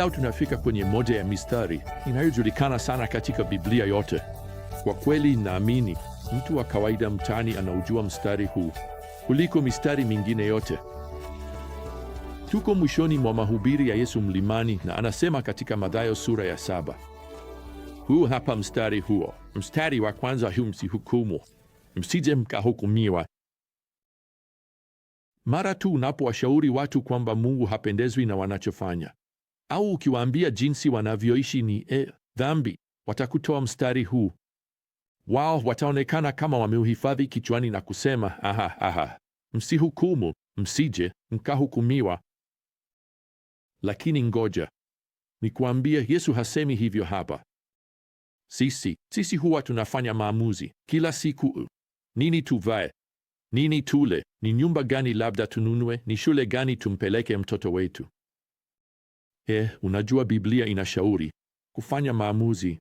yao tunafika kwenye moja ya mistari inayojulikana sana katika Biblia yote. Kwa kweli, naamini mtu wa kawaida mtaani anaujua mstari huu kuliko mistari mingine yote. Tuko mwishoni mwa mahubiri ya Yesu mlimani, na anasema katika Mathayo sura ya saba, huu hapa mstari huo, mstari wa kwanza huu: msihukumu, msije mkahukumiwa. Mara tu unapowashauri watu kwamba Mungu hapendezwi na wanachofanya, au ukiwaambia jinsi wanavyoishi ni e dhambi, watakutoa mstari huu. Wao wataonekana kama wameuhifadhi kichwani na kusema aha, aha, msihukumu, msije mkahukumiwa. Lakini ngoja nikuambie, Yesu hasemi hivyo hapa. Sisi sisi huwa tunafanya maamuzi kila siku: nini tuvae, nini tule, ni nyumba gani labda tununue, ni shule gani tumpeleke mtoto wetu. E, unajua Biblia inashauri kufanya maamuzi.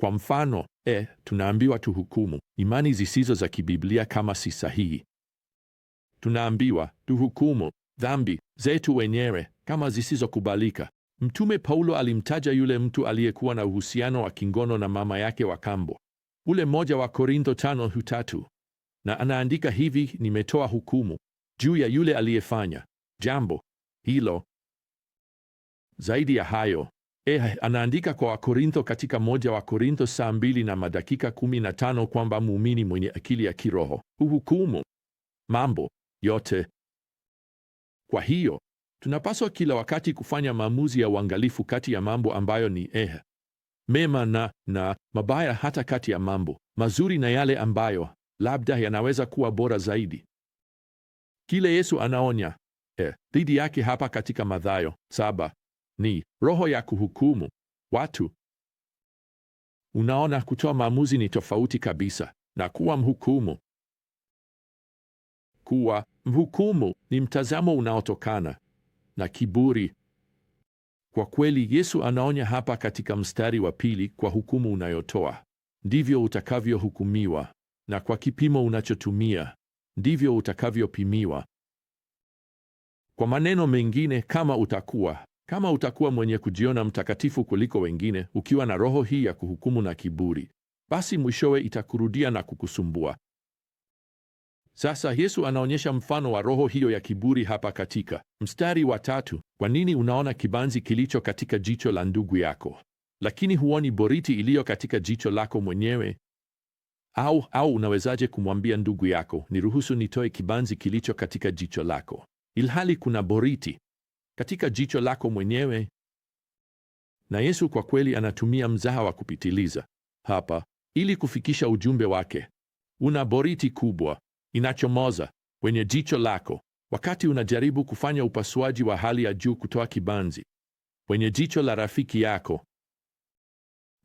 Kwa mfano, e, tunaambiwa tuhukumu imani zisizo za kibiblia kama si sahihi. Tunaambiwa tuhukumu dhambi zetu wenyewe kama zisizokubalika. Mtume Paulo alimtaja yule mtu aliyekuwa na uhusiano wa kingono na mama yake wa kambo, ule mmoja wa Korintho tano hutatu, na anaandika hivi, nimetoa hukumu juu ya yule aliyefanya jambo hilo. Zaidi ya hayo eh, anaandika kwa Wakorintho katika moja wa Korintho saa mbili na madakika kumi na tano kwamba muumini mwenye akili ya kiroho huhukumu mambo yote. Kwa hiyo tunapaswa kila wakati kufanya maamuzi ya uangalifu kati ya mambo ambayo ni eh, mema na na mabaya, hata kati ya mambo mazuri na yale ambayo labda yanaweza kuwa bora zaidi. Kile Yesu anaonya eh, dhidi yake hapa katika Mathayo saba ni roho ya kuhukumu watu. Unaona, kutoa maamuzi ni tofauti kabisa na kuwa mhukumu. Kuwa mhukumu ni mtazamo unaotokana na kiburi. Kwa kweli, Yesu anaonya hapa katika mstari wa pili, kwa hukumu unayotoa ndivyo utakavyohukumiwa, na kwa kipimo unachotumia ndivyo utakavyopimiwa. Kwa maneno mengine, kama utakuwa kama utakuwa mwenye kujiona mtakatifu kuliko wengine, ukiwa na roho hii ya kuhukumu na kiburi, basi mwishowe itakurudia na kukusumbua. Sasa Yesu anaonyesha mfano wa roho hiyo ya kiburi hapa katika mstari wa tatu. Kwa nini unaona kibanzi kilicho katika jicho la ndugu yako, lakini huoni boriti iliyo katika jicho lako mwenyewe? Au au unawezaje kumwambia ndugu yako, niruhusu nitoe kibanzi kilicho katika jicho lako, ilhali kuna boriti katika jicho lako mwenyewe? Na Yesu kwa kweli anatumia mzaha wa kupitiliza hapa ili kufikisha ujumbe wake. Una boriti kubwa inachomoza kwenye jicho lako wakati unajaribu kufanya upasuaji wa hali ya juu kutoa kibanzi kwenye jicho la rafiki yako.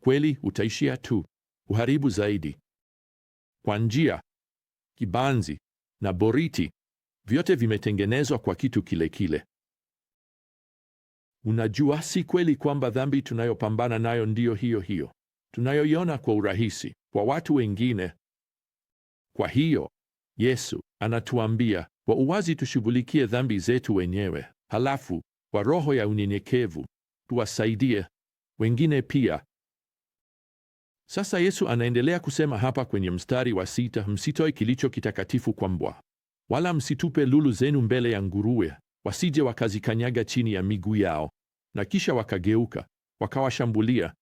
Kweli utaishia tu uharibu zaidi kwa njia. Kibanzi na boriti vyote vimetengenezwa kwa kitu kile kile. Unajua, si kweli kwamba dhambi tunayopambana nayo ndiyo hiyo hiyo tunayoiona kwa urahisi kwa watu wengine. Kwa hiyo Yesu anatuambia kwa uwazi tushughulikie dhambi zetu wenyewe, halafu kwa roho ya unyenyekevu tuwasaidie wengine pia. Sasa Yesu anaendelea kusema hapa kwenye mstari wa sita, msitoe kilicho kitakatifu kwa mbwa, wala msitupe lulu zenu mbele ya nguruwe, wasije wakazikanyaga chini ya miguu yao na kisha wakageuka wakawashambulia.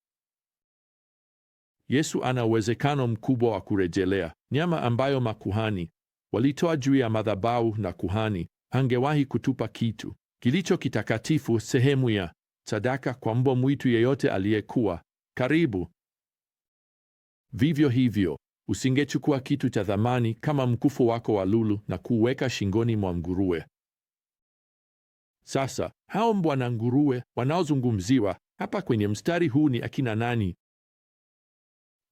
Yesu ana uwezekano mkubwa wa kurejelea nyama ambayo makuhani walitoa juu ya madhabahu, na kuhani angewahi kutupa kitu kilicho kitakatifu, sehemu ya sadaka, kwa mbwa mwitu yeyote aliyekuwa karibu. Vivyo hivyo, usingechukua kitu cha thamani kama mkufu wako wa lulu na kuuweka shingoni mwa nguruwe sasa hao mbwa na nguruwe wanaozungumziwa hapa kwenye mstari huu ni akina nani?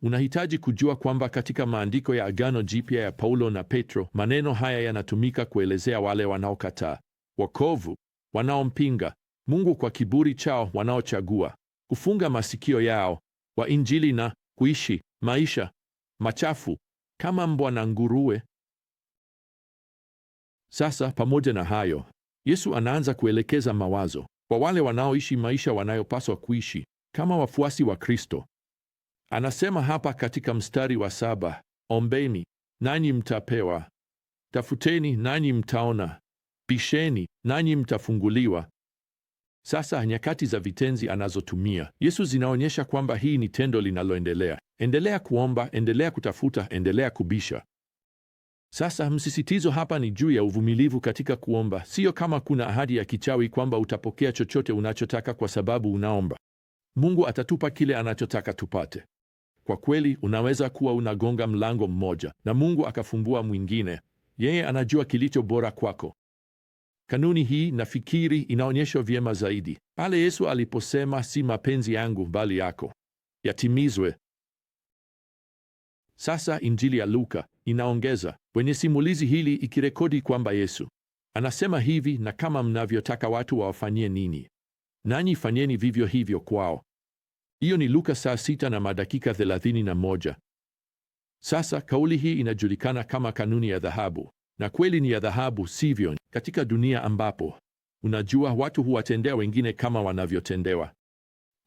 Unahitaji kujua kwamba katika maandiko ya Agano Jipya ya Paulo na Petro, maneno haya yanatumika kuelezea wale wanaokataa wokovu, wanaompinga Mungu kwa kiburi chao, wanaochagua kufunga masikio yao kwa Injili na kuishi maisha machafu kama mbwa na nguruwe. Sasa pamoja na hayo Yesu anaanza kuelekeza mawazo kwa wale wanaoishi maisha wanayopaswa kuishi kama wafuasi wa Kristo. Anasema hapa katika mstari wa saba, ombeni nanyi mtapewa, tafuteni nanyi mtaona, bisheni nanyi mtafunguliwa. Sasa nyakati za vitenzi anazotumia Yesu zinaonyesha kwamba hii ni tendo linaloendelea. Endelea kuomba, endelea kutafuta, endelea kubisha. Sasa msisitizo hapa ni juu ya uvumilivu katika kuomba, siyo kama kuna ahadi ya kichawi kwamba utapokea chochote unachotaka kwa sababu unaomba. Mungu atatupa kile anachotaka tupate. Kwa kweli, unaweza kuwa unagonga mlango mmoja na Mungu akafumbua mwingine. Yeye anajua kilicho bora kwako. Kanuni hii nafikiri inaonyeshwa vyema zaidi pale Yesu aliposema, si mapenzi yangu bali yako yatimizwe. Sasa Injili ya Luka inaongeza kwenye simulizi hili ikirekodi kwamba Yesu anasema hivi, na kama mnavyotaka watu wawafanyie nini, nanyi fanyeni vivyo hivyo kwao. Hiyo ni Luka saa sita na madakika thelathini na moja. Sasa kauli hii inajulikana kama kanuni ya dhahabu, na kweli ni ya dhahabu, sivyo? Katika dunia ambapo unajua watu huwatendea wengine kama wanavyotendewa,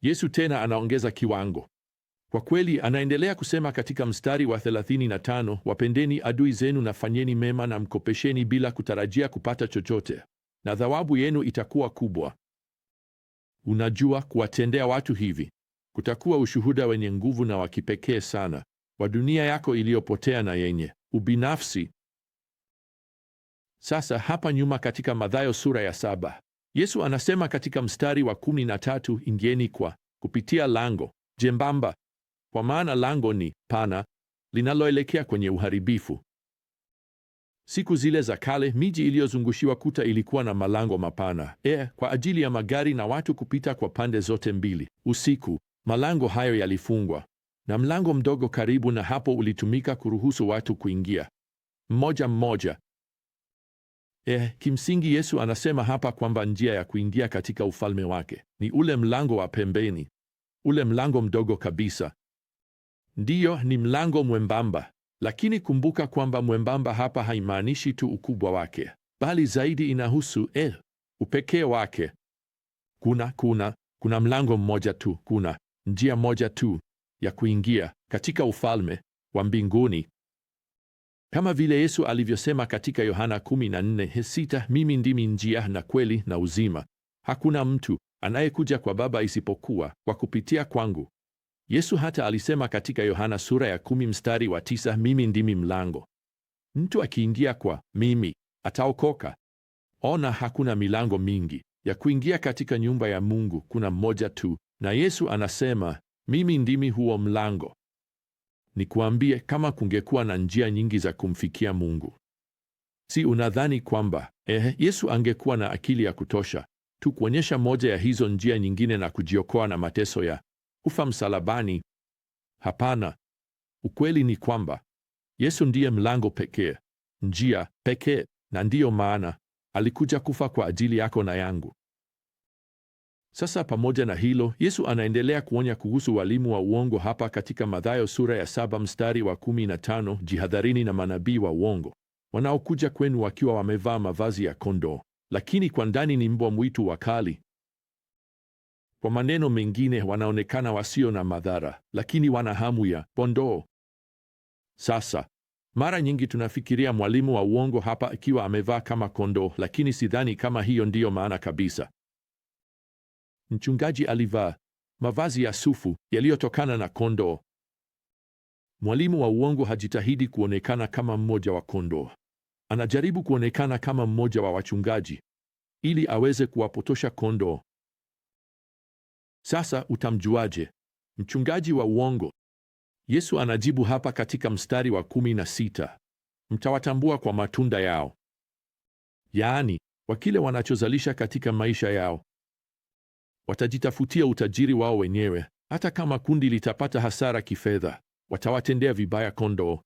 Yesu tena anaongeza kiwango kwa kweli, anaendelea kusema katika mstari wa 35, wapendeni adui zenu na fanyeni mema na mkopesheni bila kutarajia kupata chochote, na thawabu yenu itakuwa kubwa. Unajua, kuwatendea watu hivi kutakuwa ushuhuda wenye nguvu na wa kipekee sana wa dunia yako iliyopotea na yenye ubinafsi. Sasa hapa nyuma katika Mathayo sura ya saba, Yesu anasema katika mstari wa kumi na tatu, ingieni kwa kupitia lango jembamba kwa maana lango ni pana linaloelekea kwenye uharibifu. Siku zile za kale miji iliyozungushiwa kuta ilikuwa na malango mapana e, kwa ajili ya magari na watu kupita kwa pande zote mbili. Usiku malango hayo yalifungwa na mlango mdogo karibu na hapo ulitumika kuruhusu watu kuingia mmoja mmoja. E, kimsingi Yesu anasema hapa kwamba njia ya kuingia katika ufalme wake ni ule mlango wa pembeni, ule mlango mdogo kabisa. Ndiyo, ni mlango mwembamba, lakini kumbuka kwamba mwembamba hapa haimaanishi tu ukubwa wake, bali zaidi inahusu eh, upekee wake. Kuna kuna kuna mlango mmoja tu, kuna njia moja tu ya kuingia katika ufalme wa mbinguni, kama vile Yesu alivyosema katika Yohana 14:6, mimi ndimi njia na kweli na uzima, hakuna mtu anayekuja kwa Baba isipokuwa kwa kupitia kwangu. Yesu hata alisema katika Yohana sura ya kumi mstari wa tisa, mimi ndimi mlango, mtu akiingia kwa mimi ataokoka. Ona, hakuna milango mingi ya kuingia katika nyumba ya Mungu, kuna mmoja tu, na Yesu anasema mimi ndimi huo mlango. Nikuambie, kama kungekuwa na njia nyingi za kumfikia Mungu, si unadhani kwamba eh, Yesu angekuwa na akili ya kutosha tu kuonyesha moja ya hizo njia nyingine na kujiokoa na mateso ya kufa msalabani. Hapana, ukweli ni kwamba Yesu ndiye mlango pekee, njia pekee, na ndiyo maana alikuja kufa kwa ajili yako na yangu. Sasa pamoja na hilo, Yesu anaendelea kuonya kuhusu walimu wa uongo hapa katika Mathayo sura ya saba mstari wa kumi na tano: jihadharini na manabii wa uongo wanaokuja kwenu wakiwa wamevaa mavazi ya kondoo, lakini kwa ndani ni mbwa mwitu wakali. Kwa maneno mengine, wanaonekana wasio na madhara, lakini wana hamu ya kondoo. Sasa mara nyingi tunafikiria mwalimu wa uongo hapa akiwa amevaa kama kondoo, lakini sidhani kama hiyo ndiyo maana kabisa. Mchungaji alivaa mavazi ya sufu yaliyotokana na kondoo. Mwalimu wa uongo hajitahidi kuonekana kama mmoja wa kondoo, anajaribu kuonekana kama mmoja wa wachungaji ili aweze kuwapotosha kondoo. Sasa utamjuaje mchungaji wa uongo? Yesu anajibu hapa katika mstari wa kumi na sita, mtawatambua kwa matunda yao, yaani kwa kile wanachozalisha katika maisha yao. Watajitafutia utajiri wao wenyewe, hata kama kundi litapata hasara kifedha, watawatendea vibaya kondoo.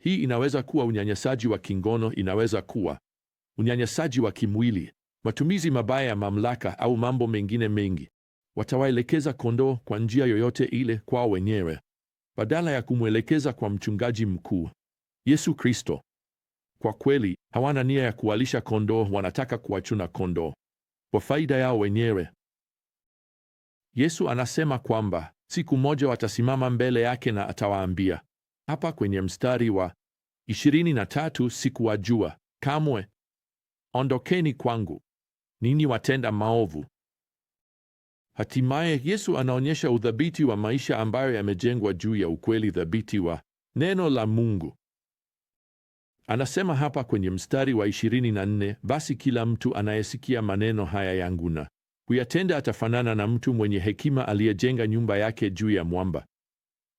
Hii inaweza kuwa unyanyasaji wa kingono, inaweza kuwa unyanyasaji wa kimwili, matumizi mabaya ya mamlaka, au mambo mengine mengi watawaelekeza kondoo kwa njia yoyote ile kwao wenyewe badala ya kumwelekeza kwa mchungaji mkuu Yesu Kristo. Kwa kweli hawana nia ya kuwalisha kondoo, wanataka kuwachuna kondoo kwa faida yao wenyewe. Yesu anasema kwamba siku moja watasimama mbele yake na atawaambia hapa kwenye mstari wa 23, sikuwajua kamwe, ondokeni kwangu ninyi watenda maovu. Hatimaye Yesu anaonyesha udhabiti wa maisha ambayo yamejengwa juu ya ukweli dhabiti wa neno la Mungu. Anasema hapa kwenye mstari wa 24, basi kila mtu anayesikia maneno haya yangu na kuyatenda atafanana na mtu mwenye hekima aliyejenga nyumba yake juu ya mwamba.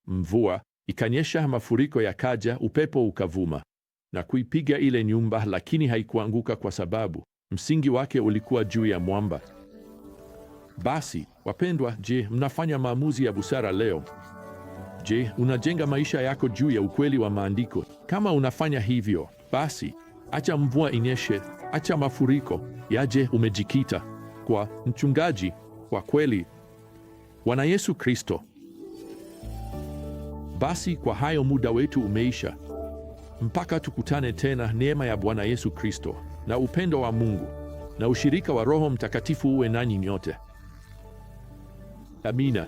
Mvua ikanyesha, mafuriko yakaja, upepo ukavuma na kuipiga ile nyumba, lakini haikuanguka kwa sababu msingi wake ulikuwa juu ya mwamba. Basi wapendwa, je, mnafanya maamuzi ya busara leo? Je, unajenga maisha yako juu ya ukweli wa maandiko? Kama unafanya hivyo, basi acha mvua inyeshe, acha mafuriko yaje. Umejikita kwa mchungaji wa kweli, Bwana Yesu Kristo. Basi kwa hayo muda wetu umeisha. Mpaka tukutane tena, neema ya Bwana Yesu Kristo na upendo wa Mungu na ushirika wa Roho Mtakatifu uwe nanyi nyote. Amina